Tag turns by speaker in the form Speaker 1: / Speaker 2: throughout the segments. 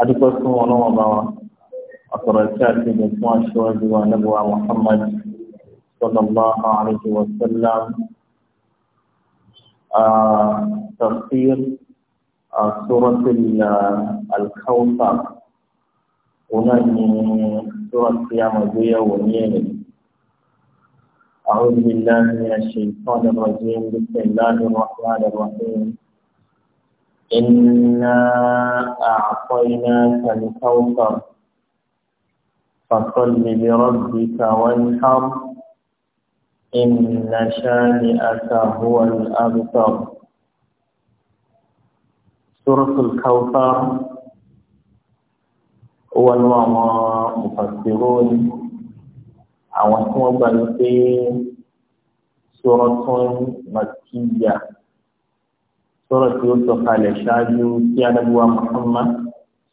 Speaker 1: adúpẹ́ fún ọlọ́wọ́n bá wa àtọ̀rọ̀ ẹ̀kẹ́ àti ìgbìn fún aṣọ́jú wa nígbà Muhammad sallallahu alaihi wa sallam tafsir surat al-Kawthar ona ni surat tí a máa gbéyàwó ní ẹ̀rẹ̀ أعوذ بالله من الشيطان إنا أعطيناك الكوثر فصل لربك وانحر إن شانئك هو الأبتر سورة الكوثر هو الوعمى مفسرون أو هو بل في سورة مكية sọ̀rọ̀ tí ó sọ kalẹ̀ ṣáájú kí adágúwa Muhammad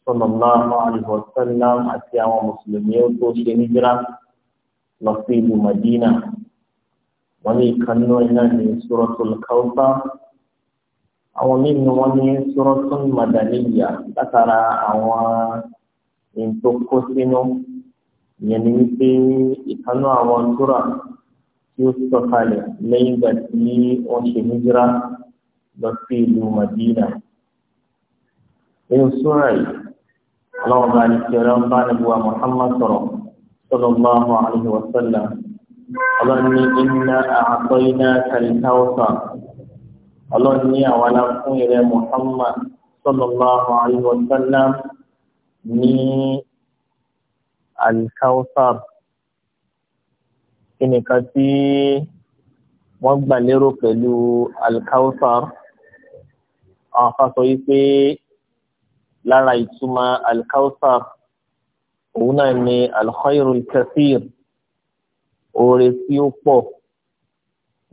Speaker 1: sallallahu alaihi wa sallam àti àwọn mùsùlùmí ó tó ṣe níjìrá lọ sí ìlú Madina wọn ní ìkànnú iná ní suratul Kawthar àwọn nínú wọn ní suratul Madaniyya látara àwọn ètò kó sínú ìyẹn ní wípé ìkànnú àwọn sura tí ó sọ lẹ́yìn ìgbà tí wọ́n ṣe níjìrá lọ sí ìlú Madina nínú súnra yìí ọlọ́run bá ní kí ọlọ́run bá ní buwa Muhammad sọ̀rọ̀ sallallahu alaihi wa sallam ọlọ́run ní iná àtọ́ iná kàlíkàwọ́sà ọlọ́run ní àwọn aláfún ìrẹ́ Muhammad sallallahu alaihi wa sallam ní alikawusa kí nìkan tí wọ́n gbà lérò pẹ̀lú alikawusa àwọn afa sọ yìí pé lára ìtumọ̀ alkausar òun náà ni alkhairul kathir oore tí ó pọ̀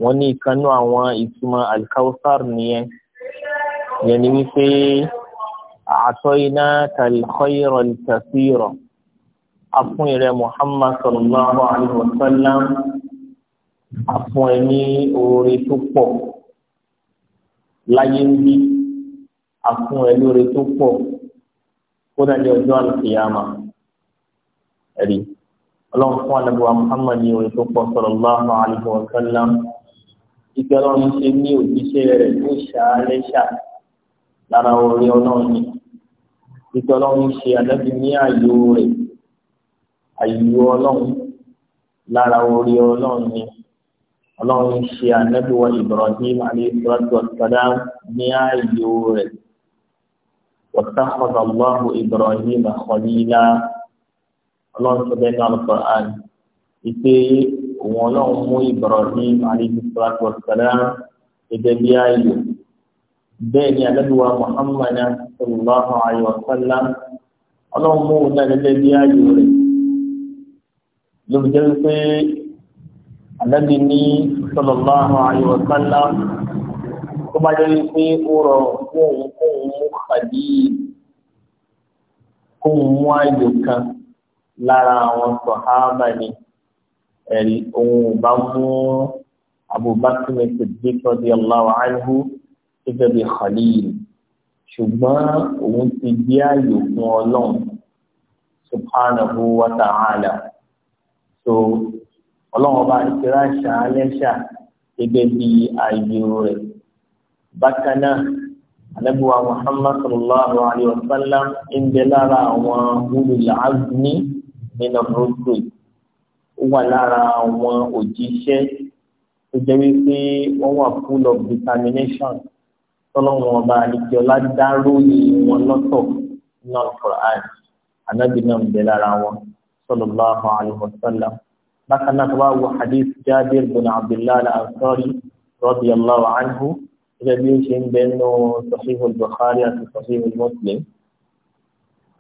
Speaker 1: wọ́n ní ìkanú àwọn ìtumọ̀ alkausar nìyẹn yẹn ni wípé àtọ́ iná kalkhairul kathir afún ìrẹ muhammad sallallahu alayhi wa sallam afún ẹ ní oore tó pọ̀ láyé ń bí afún ẹ lóore tó pọ̀ kó dájọ́ ọjọ́ àlùkìyàmà ẹ̀rí ọlọ́run fún alábùwà muhammad ní orin tó pọ̀ sallallahu alaihi wa sallam ìgbẹ́ ọlọ́run ṣe ní òjíṣẹ́ rẹ̀ tó ṣàlẹ́ṣà lára orí ọlọ́run ni ìgbẹ́ ọlọ́run ṣe àdájú ní ààyò rẹ̀ ààyò ọlọ́run lára orí ọlọ́run ni ọlọ́run ṣe ànábì ibrahim alayhi salatu wa salam ní ààyò rẹ̀. واتخذ الله إبراهيم خليلا ọlọ́run sọ bẹ́ẹ̀ náà lọ́kọ̀ àn ìpè òun ọlọ́run mú Ibrahim alayhi salatu wa salam gẹ́gẹ́ bí ayò bẹ́ẹ̀ ni alábìwá Muhammad sallallahu alayhi wa sallam ọlọ́run mú òun náà gẹ́gẹ́ bí ayò rẹ̀ ló fi jẹ́ pé alábì ní sallallahu alayhi wa sallam tó bá jẹ́ wípé ó rọrùn fún òun kóun mú kàdí kóun mú àyò kan lára àwọn sọ̀hábà ni ẹ̀rí òun ò bá mú Abubakar Siddiq radiyallahu anhu gẹ́gẹ́ bí khalil ṣùgbọ́n òun ti di àyò fún ọlọ́run subhanahu wa ta'ala so ọlọ́run ọba ìṣẹ́ra ṣáá lẹ́ṣà gẹ́gẹ́ bí àyò rẹ̀ bákan náà anábíwá muhammad sallallahu alayhi wa sallam ń bẹ lára àwọn olùlàázmi nínú rúdùn ó wà lára àwọn òjíṣẹ́ tó jẹ́ wípé wọ́n wà full of determination tọ́lọ́wọ́n ọba àdìjọ́lá dáró yìí wọn lọ́tọ̀ náà Qur'an anábì náà ń bẹ lára wọn sallallahu alayhi wa sallam bákan tó bá wọ hadith Jabir bin Abdullah al-Ansari radiyallahu anhu gẹ́gẹ́ bí ó ṣe ń bẹ nínú sọ̀híhù Bukhari àti sọ̀híhù Muslim.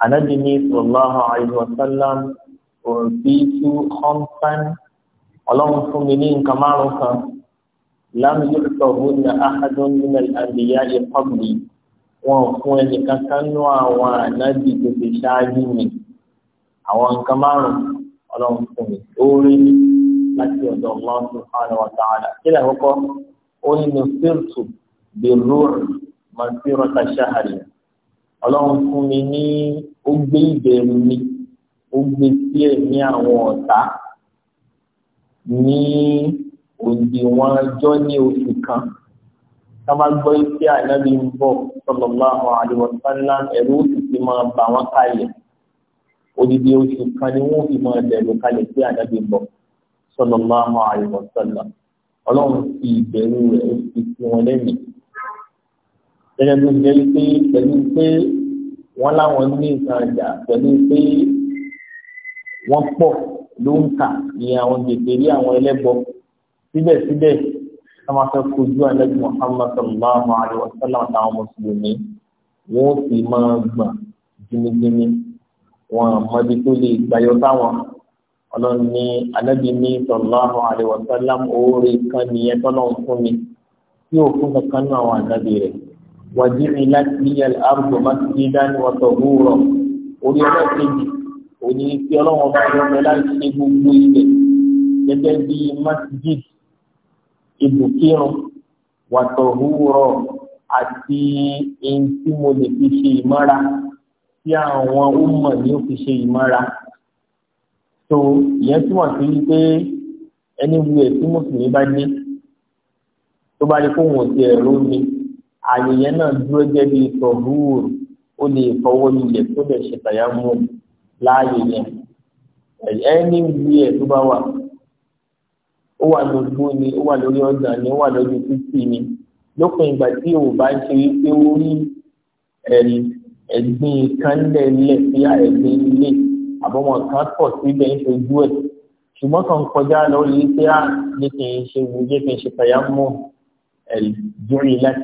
Speaker 1: Ànábì ní sallallahu alaihi wa sallam òǹfí tú khamsan ọlọ́run fún mi ní nǹkan márùn-ún kan. Lam yu'tahunna ahadun min al-anbiya'i qabli. Wọ́n fún ẹnìkan kan nú àwọn ànábì tó ti ṣáájú mi. Àwọn nǹkan márùn ọlọ́run fún mi. Orí láti ọ̀dọ̀ Allah subhanahu wa ta'ala. Kí ni àkọ́kọ́? Ó ní nù bẹ̀rù màsírọ̀tà ṣáàrì ọlọ́run fún mi ní ó gbé ìbẹ̀rù mi ó gbé sí ẹ̀mí àwọn ọ̀tá ní òdiwọ̀n ọjọ́ ní oṣù kan tá bá gbọ́ pé ànábì ń bọ̀ sallallahu alaihi wasallam ẹ̀rù ó sì ti máa bà wọ́n kalẹ̀ odidi oṣù kan ni wọ́n fi máa bẹ̀rù kalẹ̀ pé ànábì ń bọ̀ sallallahu alaihi wasallam ọlọ́run fi ìbẹ̀rù rẹ̀ ó fi wọn lẹ́mìí gẹ́gẹ́ bí jẹ́ pé pẹ̀lú pé wọ́n láwọn ní nǹkan ọjà pẹ̀lú pé wọ́n pọ̀ ló ń kà ní àwọn gbèbèrè àwọn ẹlẹ́bọ síbẹ̀síbẹ̀ wọ́n máa fẹ́ kojú Ànábì Muhammad sallallahu alayhi wa sallam àtàwọn mùsùlùmí wọ́n sì máa gbọ̀n jimijimi wọn mọbi tó lè gbàyọ táwọn ọlọ́run ní Ànábì ní sallallahu alayhi wa sallam oore kan nìyẹn tọ́lọ́run fún mi tí òfin kankan náà àwọn Ànábì rẹ̀. وجعلت لي الأرض مسجدا وطهورا orí ọlọ́ kejì òní tí ọlọ́wọ́n bá yọ ọmọ láti ṣe gbogbo ilẹ̀ gẹ́gẹ́ bí masjid ibùkírun wàtọ̀húrọ̀ àti ẹni tí mo lè fi ṣe ìmọ́ra tí àwọn ọmọ mi ò fi ṣe ìmọ́ra tó ìyẹn túmọ̀ sí wípé ẹni wu ẹ̀ tí mùsùlùmí bá dé tó bá dé kó wọn ti ẹ̀rọ mi àyè yẹn náà dúró jẹ́ bí tọ̀húr ó lè fọwọ́ lulẹ̀ tó lè ṣe tàyámù láàyè yẹn ẹni wí ẹ̀ tó bá wà ó wà lójú ni ó wà lórí ọjà ni ó wà lójú títì ni lópin ìgbà tí ò bá ń ṣe wípé ó rí ẹ̀rí ẹ̀gbin kánlẹ̀ lẹ̀ sí ẹ̀gbin ilé àbọ̀mọ̀ kan pọ̀ síbẹ̀ ń ṣojú ẹ̀ ṣùgbọ́n kan kọjá lọ rí pé á ah, ní kì í ṣe wù jẹ́ kì í ṣe tàyámù ẹ̀rí dúró ilẹ̀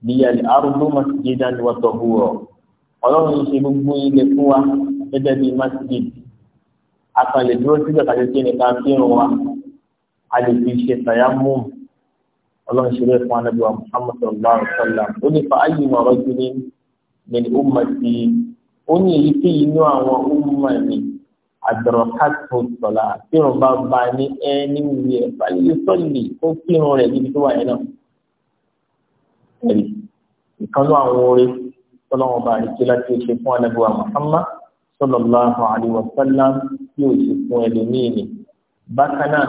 Speaker 1: liyal ardu masjidan wa tahura ọlọ́run yìí ṣe gbogbo ilẹ̀ fún wa gẹ́gẹ́ bíi masjid àkàlẹ̀ dúró síbẹ̀ kàdé kí ni ká fírun wa a lè fi ṣe tàyámù ṣe bẹ́ẹ̀ fún anábì wa muhammad sallallahu alaihi wa sallam ó ní fa ayé ma rajulin min ummati ó ní èyí tí inú àwọn umma mi àdọ̀rọ̀kátó sọ̀la fírun bá ba ní ẹni wúyẹ̀ fàlẹ́ sọ́ọ̀lì ó fírun rẹ̀ níbi tó wà yẹn náà ẹ̀rí ìkànnú àwọn orin tọ́lọ́wọ́n bá àríkí láti ṣe fún anábíwá Muhammad sallallahu alaihi wa sallam yóò ṣe fún ẹlòmíì ni bákan náà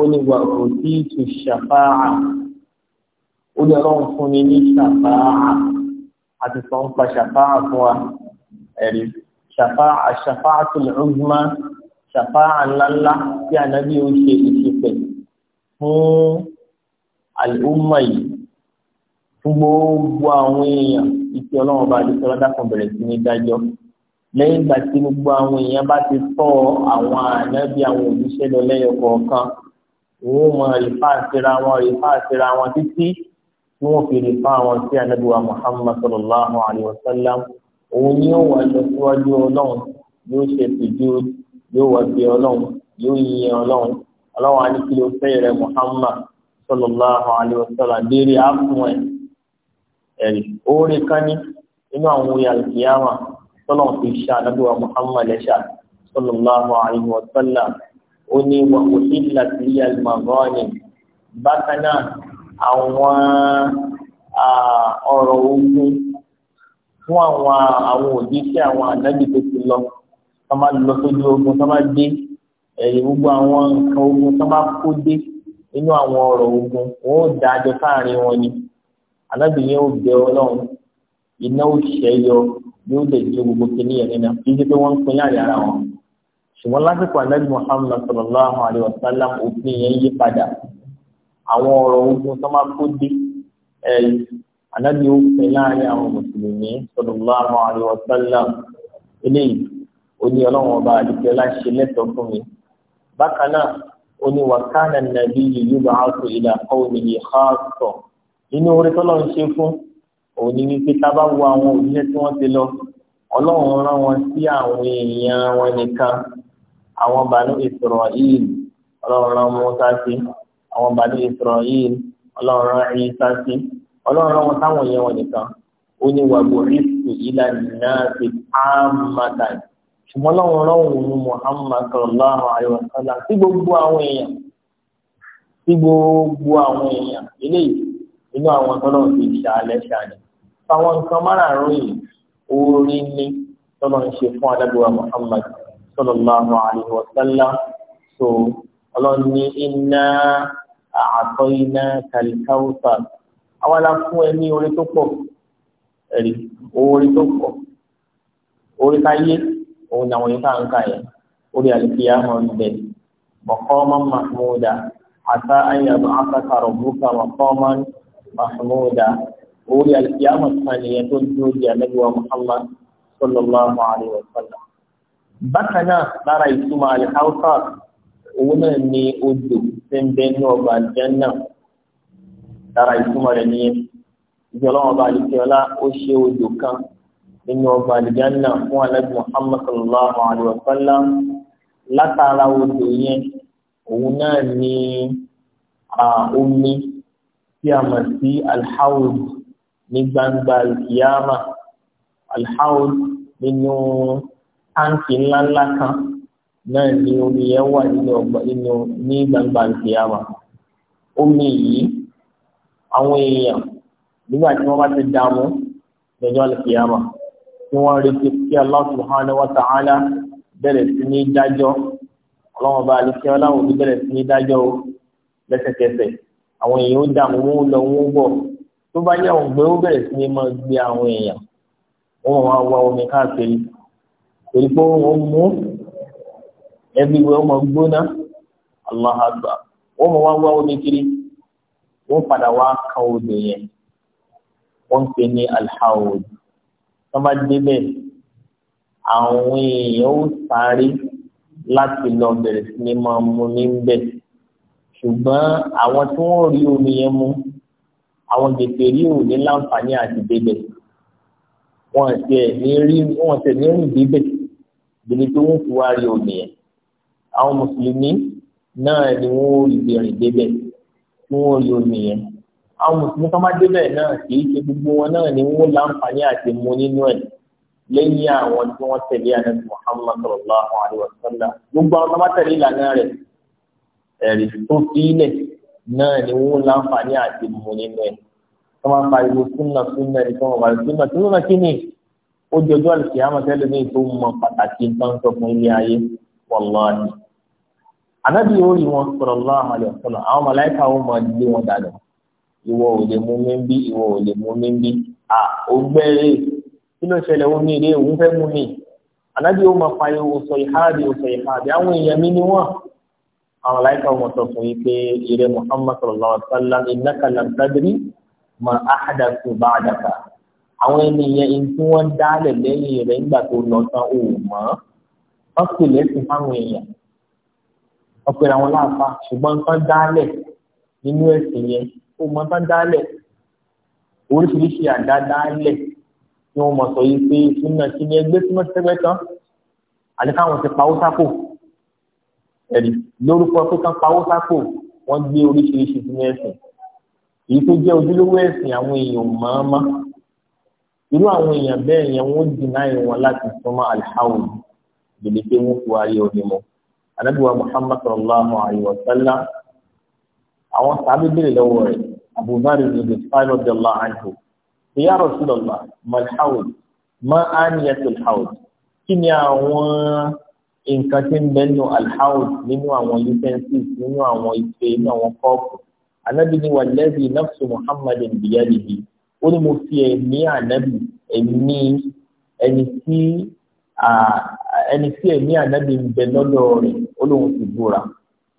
Speaker 1: ó ní wà òtí tu ṣàfáà ó ní ọlọ́run fún mi ní ṣàfáà àti sọ pa ṣàfáà fún wa ẹ̀rí ṣàfáà ṣàfáà tó lè ń gbọ́n ṣàfáà ńláńlá tí anábíwá ṣe ìṣẹ̀pẹ̀ fún al'umma yìí fún gbogbo àwọn èèyàn ìṣe ọlọ́run bá dé sọ́lá dákun bẹ̀rẹ̀ sí ní dájọ́ lẹ́yìn ìgbà tí gbogbo àwọn èèyàn bá ti tọ́ àwọn ànábì àwọn òjíṣẹ́ lọ lẹ́yọ kọ̀ọ̀kan wọ́n mọ rìfá síra wọn rìfá síra wọn títí tí wọ́n fi rìfá wọn sí ànábì Muhammad sallallahu alayhi wa sallam òun ni yóò wá lọ síwájú ọlọ́run yóò ṣe tìjú yóò wá bí ọlọ́run yóò yin ọlọ́run ọlọ́run á ní rẹ Muhammad sallallahu alayhi wa sallam déédéé á ẹ̀rí oore kan ní inú àwọn oyè àlùkìyàmà tọ́lọ̀ fi ṣe ànábìwá Muhammad ẹ̀ṣà sallallahu alaihi wa sallam ó ní wàhùn ìlà sílẹ̀ àlùmọ̀gọ́ọ̀nì bákan náà àwọn ọ̀rọ̀ ogun fún àwọn àwọn òbí sí àwọn ànábì tó ti lọ tó máa lọ sójú ogun tó máa dé ẹ̀yìn gbogbo àwọn nǹkan ogun tó máa kó dé nínú àwọn ọ̀rọ̀ ogun wọn ò dájọ́ sáàrin wọn ni alábìyẹn ò bẹ ọlọ́run iná ò ṣẹ́ yọ yóò lè jó gbogbo kìíní yẹn nínú kí n ṣe pé wọ́n ń pin láàrin ara wọn ṣùgbọ́n lásìkò anábì Muhammad sallallahu alayhi wa sallam òfin yẹn yí padà àwọn ọ̀rọ̀ ogun tó máa kó dé ẹ̀rí anábì ó pin láàrin àwọn mùsùlùmí sallallahu alayhi wa sallam eléyìí ó ní ọlọ́run ọba àdìgbẹ́ láṣẹ lẹ́tọ̀ọ́ fún mi bákan náà ó ní wàkánà nàbí yìí yóò bá a sọ ìlà kọ́ inú orí tọ́lọ́ ń ṣe fún òun ni wípé tá a bá wo àwọn òṣìṣẹ́ tí wọ́n ti lọ ọlọ́run rán wọn sí àwọn èèyàn wọn nìkan àwọn bàánú Isra'il ọlọ́run rán Mùsá sí àwọn bàánú Isra'il ọlọ́run rán Ìsá sí ọlọ́run rán wọn sáwọn èèyàn wọn nìkan ó ní wàgbọ́ ìsù ìlà náà ti pàmàtà ṣùgbọ́n ọlọ́run rán òun Muhammad sallallahu alaihi wa sallam sí gbogbo àwọn èèyàn sí gbogbo àwọn èèyàn eléyìí nínú àwọn tọ́lọ̀ ti ṣàlẹ̀ ṣàlẹ̀ fáwọn nǹkan márààrún yìí orí ní tọ́lọ̀ ń ṣe fún adágbéwà Muhammad sallallahu alaihi wa sallam so ọlọ́run ní inna a'tainaka al-kawthar àwa ẹ ní orí tó pọ̀ ẹ̀rí orí tó pọ̀ orí káyé òun làwọn yìí káà ń yẹn orí àlùfíà máa ń bẹ maqaman mahmuda àtà an yab'athaka rabbuka maqaman mahmuda orí alikiyama kan nìyẹn tó dúró di anabiwa muhammad sallallahu alayhi wa sallam. bákan náà lára ìtumọ̀ alihausa òun náà ní odò tí ń bẹ ní ọgbà jẹ́nà lára ìtumọ̀ rẹ̀ nìyẹn ìjọlọ́wọ́ ọba alikiyọlá ó ṣe odò kan nínú ọgbà àlìjáná fún alẹ́bí muhammad sallallahu alayhi wa sallam látara odò yẹn òun náà ní omi tí a mọ̀ sí alhaud ní gbangba alkiyama alhaud nínú táǹkì ńláńlá kan náà ni omi yẹn wà nínú ọgbà nínú ní gbangba alkiyama omi yìí àwọn èèyàn nígbà tí wọ́n bá ti dààmú lọ́jọ́ alkiyama tí wọ́n retí kí Allah subhanahu wa ta'ala bẹ̀rẹ̀ sí ní dájọ́ ọlọ́wọ́n bá alkiyama láwọn sí ní dájọ́ lẹ́sẹ̀kẹsẹ̀ àwọn èèyàn ó dààmú wọn ó lọ wọn ó bọ̀ tó bá yẹ àwọn gbẹ ó bẹ̀rẹ̀ sí ní máa gbé àwọn èèyàn wọn wá wá omi káàkiri torí pé wọn mú ẹbí wọn máa gbóná Allah wọn máa wá wá omi kiri wọn padà wá kan odò yẹn wọn pè ní alhaud tó bá débẹ̀ àwọn èèyàn ó sáré láti lọ bẹ̀rẹ̀ sí ní máa mú ní bẹ́ẹ̀ ṣùgbọ́n àwọn tí wọ́n rí omi yẹn mú àwọn gbèsè rí ò ní láǹfààní àti débẹ̀ wọ́n ti ẹ̀ ní rí wọ́n ti ní rìn débẹ̀ ìdílé tó wọ́n fi wá rí omi yẹn àwọn mùsùlùmí náà ni wọ́n rí ìbẹ̀rìn débẹ̀ tí wọ́n rí omi yẹn àwọn mùsùlùmí kan má débẹ̀ náà kì í ṣe gbogbo wọn náà ni wọ́n láǹfààní àti mú nínú ẹ̀ lẹ́yìn àwọn tí wọ́n tẹ̀lé ànábì Muhammad sallallahu alaihi wa sallam gbogbo àwọn tó má tẹ̀lé ìlànà rẹ̀ ẹ̀rí tó fi ilẹ̀ náà ni wọ́n láǹfààní àti mú nínú ẹ̀ tó máa ń pariwo súnà súnà ẹni tó máa pariwo súnà súnà kí ni ó jọjọ́ àlùkí àmọ́tẹ́lẹ̀ ní ètò mọ pàtàkì nǹkan tó fún ilé ayé wàláhì anábì yóò rí wọn sallallahu alaihi wasallam àwọn màláíkà wọn máa lé wọn dànù ìwọ ò lè mú mi ń bí ìwọ ò lè mú mi ó gbẹ́rẹ́ ní ilé òun fẹ́ àwọn aláìka ọmọ sọ fún yìí pé ìrẹ Muhammad sallallahu alaihi wa sallam innaka lam tadri ma ahdathu ba'daka àwọn ènìyàn ẹni tí wọ́n dálẹ̀ lẹ́yìn rẹ̀ nígbà tó lọ tán ò mọ́ wọ́n pè lẹ́sìn fáwọn èèyàn wọ́n pèrè àwọn láàfà ṣùgbọ́n nǹkan dálẹ̀ nínú ẹ̀sìn yẹn ó mọ nǹkan dálẹ̀ oríṣiríṣi àdá dálẹ̀ ni wọ́n mọ̀ sọ yìí pé súnà kí ni ẹgbẹ́ súnmọ́ sẹ́gbẹ́ tán àti káwọn ti pa ó sápò ẹ̀rí lórúkọ pé kán pawó sápò wọ́n gbé oríṣiríṣi sínú ẹ̀sìn èyí tó jẹ́ ojúlówó ẹ̀sìn àwọn èèyàn mọ́ọ́mọ́ irú àwọn èèyàn bẹ́ẹ̀ yẹn wọ́n dìnnà ìwọ̀n láti súnmọ́ alhawul gbèdé pé wọ́n fi wáyé onímọ̀ anábìwá muhammad sallallahu alayhi wa sallam àwọn sábẹ́ bèrè lọ́wọ́ rẹ̀ abubakar ibn sa'id radiyallahu anhu ya rasulallah malhawul ma aniyat kí ni àwọn nǹkan tí ń bẹ nínú alhaus nínú àwọn utensils nínú àwọn ife nínú àwọn kọ́ọ̀pù anabi ni wàlẹ́bí nafsu muhammadin biyadihi ó ní mo fi ẹ̀mí anabi ẹ̀mí ẹni tí ẹni tí ẹ̀mí anabi ń bẹ lọ́dọ̀ rẹ̀ ó lóun ti búra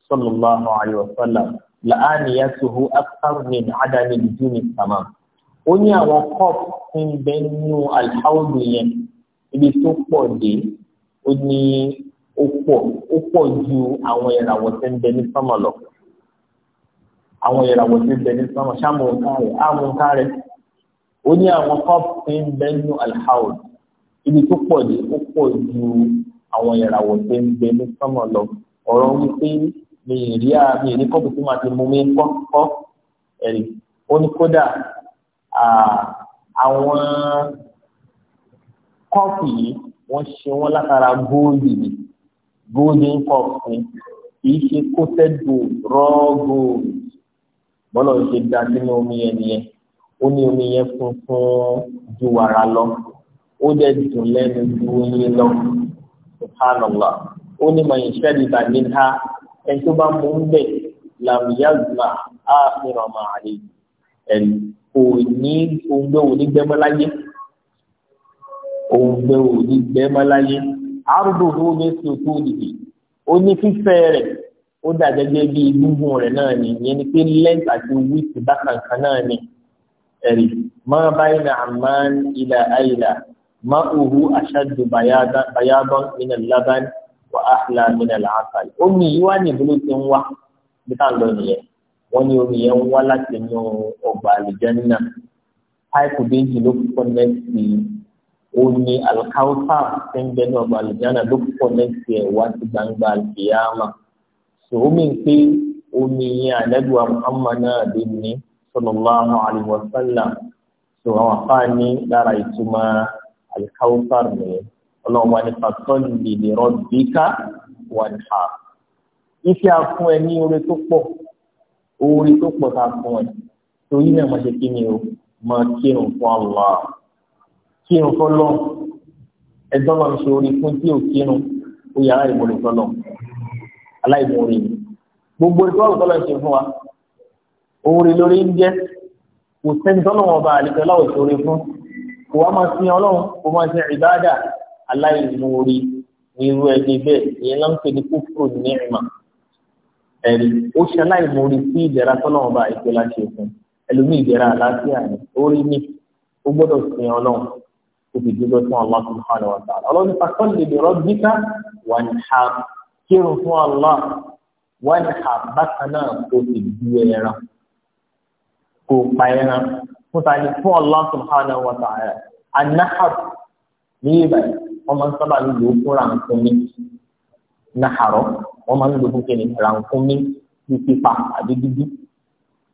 Speaker 1: sallallahu alayhi wa sallam la'aniyatuhu akthar min adami duni sama ó ní àwọn kọ́ọ̀pù tí ń bẹ nínú alhaus yẹn ibi tó pọ̀ dé ó ní ó pọ̀ ó pọ̀ ju àwọn ìràwọ̀ tí ń bẹ ní sánmà lọ àwọn ìràwọ̀ tí ń bẹ ní sánmà ṣáàmù nkárẹ̀ áàmù nkárẹ̀ ó ní àwọn cup tí ń bẹ nínú alhaul ibi tó pọ̀ dé ó pọ̀ ju àwọn ìràwọ̀ tí ń bẹ ní sánmà lọ ọ̀rọ̀ wípé mi ì rí mi ì rí kọ́pù tí màá ti mú mi kọ́kọ́ ẹ̀rí ó ní kódà àwọn kọ́pù yìí wọ́n ṣe wọ́n látara góòlù yìí golden cups ni kìí ṣe coated gold raw gold bọ́lá ń ṣe da sínú omi yẹn nìyẹn ó ní omi yẹn funfun ju wàrà lọ ó dẹ̀ dùn lẹ́nu ju oyin lọ subhanallah ó ní mọ̀ ìṣẹ́lì bàmí ha ẹni tó bá mú ń bẹ̀ làmúyàgbà á fìràn máa rí ẹni kò ní ohun gbé òní gbẹ́mọ́ láyé ohun gbé òní gbẹ́mọ́ àrùdùhù ní sùkú nìyí ó ní fífẹ̀ rẹ̀ ó dà gẹ́gẹ́ bí gígùn rẹ̀ náà ni ìyẹn ni pé length àti width bákan kan náà ni ẹ̀rí ma bayna amman ila ayla ma'uhu ashaddu bayadan min al-laban wa ahla min al-asal omi yìí wá ní ìbúlò tí ń wá bí lọ nìyẹn wọ́n ní omi yẹn ń wá láti inú ọgbà àlùjànnà náà páìpù méjì ló kọ́ òní alikawusa ti ń bẹnu ọba alìjáná ló pọ̀ lẹ́sì ẹ̀ wá sí gbangba alìkìyàmà sòwòmí pé omi yẹn àlẹ́dùn Muhammad náà lè ní sallallahu alaihi wasallam sòwò àwọn afáàní lára ìtumọ̀ alikawusa rẹ̀ ọlọ́run wa ní fasọ́ọ̀lì lè rọ bíkà ẹ ní oore tó pọ̀ oore tó pọ̀ tá a fún ẹ torí náà máa ṣe kí ni o máa kírun fún Allah kírun fọlọ́ ẹ̀dọ́ máa ń ṣe orí fún tí ò kírun ó yẹ aláìmọ̀rẹ́ fọlọ́ aláìmọ̀rẹ́ ni gbogbo ìtọ́wọ́ tọ́lọ́ ṣe fún wa oore lórí ń jẹ́ kò sẹ́ni tọ́lọ́ wọn bá àlejò láwọ̀ ìṣòro fún kò wá máa sin ọlọ́run kò máa sin ìbáàdà aláìmọ̀rẹ́ irú ẹni bẹ́ẹ̀ ìyẹn ló ń pè ní kókó ní ìmọ̀ ẹ̀rí ó ṣe aláìmọ̀rí sí ìdẹ̀ra tọ́lọ́wọ́n bá ìpè láti òkun ẹlòmíì ìdẹ̀ra àlàáfíà ni orí ni ó gbọ́dọ̀ sìn ọlọ́run tóbi dúró fún Allah subhanahu wa ta'ala ọlọ́ni fasọ́lì lè rabbika wà ní ha kírun fún Allah wà ní ha bákan náà kó sì du ẹran kó pa ẹran fún tani fún Allah subhanahu wa ta'ala anahab ní ibàyí wọ́n máa ń sábà ń lò fún rànkúnmí náhàrọ̀ wọ́n máa ń lò fún kíni rànkúnmí bíi pípa àbí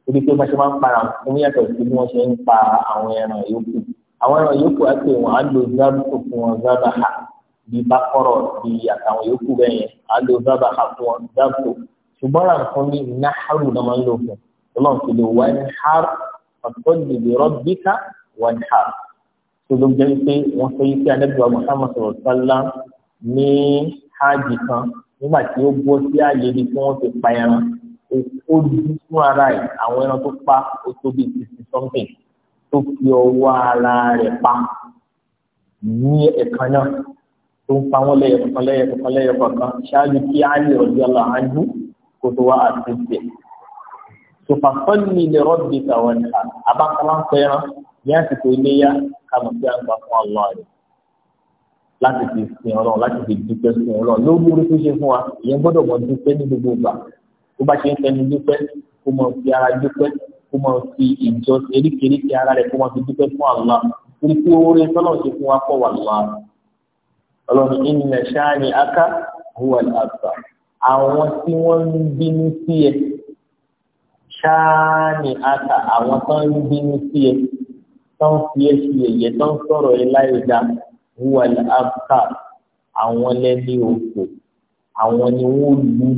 Speaker 1: ibi tí wọ́n ṣe máa ń pa rànkúnmí yàtọ̀ sí bí wọ́n ṣe ń pa àwọn ẹran yòókù àwọn ẹran yòókù àti wọn á lo zábàkù fún wọn zábàkà bíi bákọ́rọ̀ bíi àtàwọn yòókù bẹ́ẹ̀ yẹn á lo zábàkà fún wọn zábàkù ṣùgbọ́n làǹkan ní náhàrù náà máa ń lò fún ọlọ́run ti lè wá ní har ọ̀tọ́ dìbò rọ́bíkà wá ní har tó ló jẹ́ pé wọ́n sọ yìí pé anábìwá Muhammad sọ̀rọ̀ sálá ní hajj kan nígbà tí ó bọ́ sí àyè ibi tí wọ́n ti pa ẹran ó dúdú fún ara ẹ̀ àwọn ẹran tó pa ó tó bíi sixty something tó fi ọwọ́ ara rẹ̀ pa ní ẹ̀kan náà tó ń pa wọ́n lẹ́yọ̀kọ̀kan lẹ́yọ̀kọ̀kan lẹ́yọ̀kọ̀kan ṣáájú kí Ali radiyallahu anhu kó tó wá àti tẹ̀. sòfàfọ́nì lè rọ́bì tàwọn ẹ̀ka abákọ́lá ń ní àsìkò iléyà kàmọ́ sí àgbà fún ọlọ́ rẹ̀ láti fi sin ọlọ́run láti fi dúpẹ́ sin ọlọ́run lórí tó ṣe fún wa ìyẹn gbọ́dọ̀ mọ̀ dúpẹ́ ní gbogbo ìgbà tó bá ṣe ń tẹnu dúpẹ́ kó mọ̀ fi ara dúpẹ́ kó máa fi ìjọ eríkèéríkèé ara rẹ̀ kó máa fi dúpẹ́ fún àlá torí pé oore tọ́lọ̀ ti fún wa pọ̀ wà lọ́wọ́ ọlọ́run ìnìyà ṣáàní aká huwa àgbà àwọn tí wọ́n ń bínú sí ẹ ṣáàní aká àwọn tó ń bínú sí ẹ tó ń fi ẹ sí ẹyẹ tó ń sọ̀rọ̀ ẹ láì dá huwa àgbà àwọn lẹ́ni òkò àwọn ni wọ́n lù ú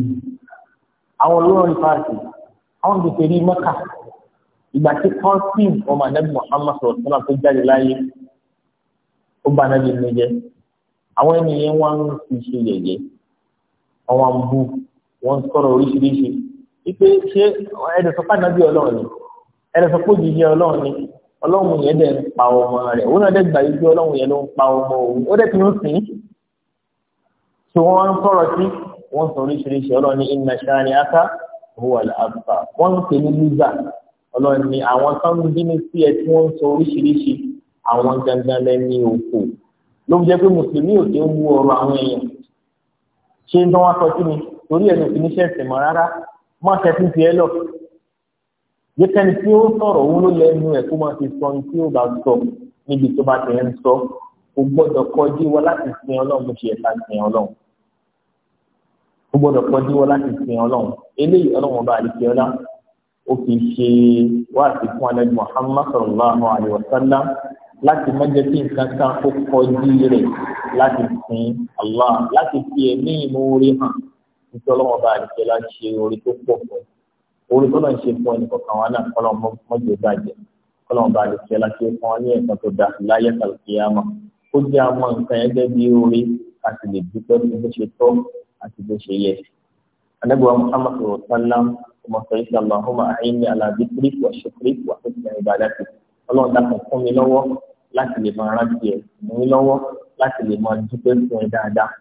Speaker 1: àwọn olórin pàṣẹ àwọn kìí rí mọ́kà ìgbà tí kọ́ńtìn ọmọ anabi muhammad sọ̀rọ̀ sọ́nà tó jáde láyé ó bá anabi mi jẹ àwọn ènìyàn wọn fi ṣe yẹ̀yẹ́ àwọn àbú wọn sọ̀rọ̀ oríṣiríṣi ipe ṣé ẹ̀rọ sọ fún anabi ọlọ́run ni ẹ̀rọ sọ fún òjijì ọlọ́run ni ọlọ́run yẹn dẹ̀ ń pa ọmọ rẹ̀ òun náà dẹ̀ gbà yìí pé ọlọ́run yẹn ló ń pa ọmọ òun ó dẹ̀ ti ń sìn tí wọ́n ń sọ̀rọ̀ sí wọ́n sọ oríṣiríṣi ọlọ́run ní inna shani'aka huwal abtar wọ́n ń pè ní lùzà ọlọ́run ni àwọn tó ń bínú sí ẹ tí wọ́n ń sọ oríṣiríṣi àwọn gangan lẹ́ni òkò ló ń jẹ́ pé mùsùlùmí òde ń wú ọ̀rọ̀ àwọn èèyàn ṣé ń dánwà sọ sí mi torí ẹnu kì í ṣe ẹ̀sìn mọ́ rárá má ṣe fún tiẹ̀ lọ yé kẹ́ni tí ó sọ̀rọ̀ òun ló lẹ́nu ẹ̀ kó máa ti sọ ní tí ó bá sọ níbi tó bá ti ń sọ kò gbọ́dọ̀ kọjú wa láti sin ọlọ́run bó ṣe ẹ̀ka sin ọlọ́run kò gbọ́dọ̀ kọjú wa láti sin ọlọ́run eléyìí ọlọ́run ọba àdìsí ọlá ó fi ṣe wáàsí fún alẹ́gbọ̀n Muhammad sallallahu alayhi wa sallam láti má jẹ́ kí nǹkan kan kó kọjú rẹ̀ láti sin Allah láti fi ẹ̀mí ìmoore hàn nítorí ọlọ́wọ́n bá àdìsẹ́ láti ṣe orí tó pọ̀ fún orí tó náà ṣe fún ẹnì kọ̀ọ̀kan wa náà kọ́lọ́ mọ́jọ́ bàjẹ́ kọ́lọ́ bá àdìsẹ́ láti fún wa ní ẹ̀sán tó dà láyé kàlùkìyàmà ó jẹ́ àwọn nǹkan yẹn gẹ́gẹ́ bí orí àti lè dúpẹ́ fún bó ṣe tọ́ àti bó ṣe yẹ. Àdẹ́gbẹ̀wá Muhammad sallallahu ومصيرك اللهم أعيني على ذكرك وشكرك وحسن عبادتك ọlọ́run dákun fún mi lọ́wọ́ láti lè máa rántí ẹ̀ fún mi lọ́wọ́ láti lè máa dúpẹ́ fún ẹ dáadáa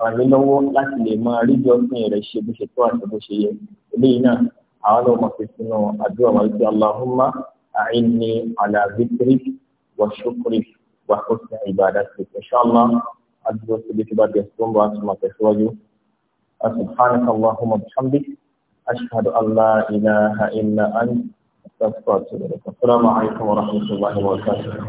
Speaker 1: ràn mí lọ́wọ́ láti lè máa ríjọ fún rẹ̀ ṣe bó ṣe tó àti bó ṣe yẹ eléyìí náà àwọn náà máa fi sínú àdúrà wa wípé Allahumma a'inni ala dhikrik wa shukrik wa husni ibadatik inshallah àdúrà tó lè أشهد أن لا إله إلا أنت أستغفرك السلام عليكم ورحمة الله وبركاته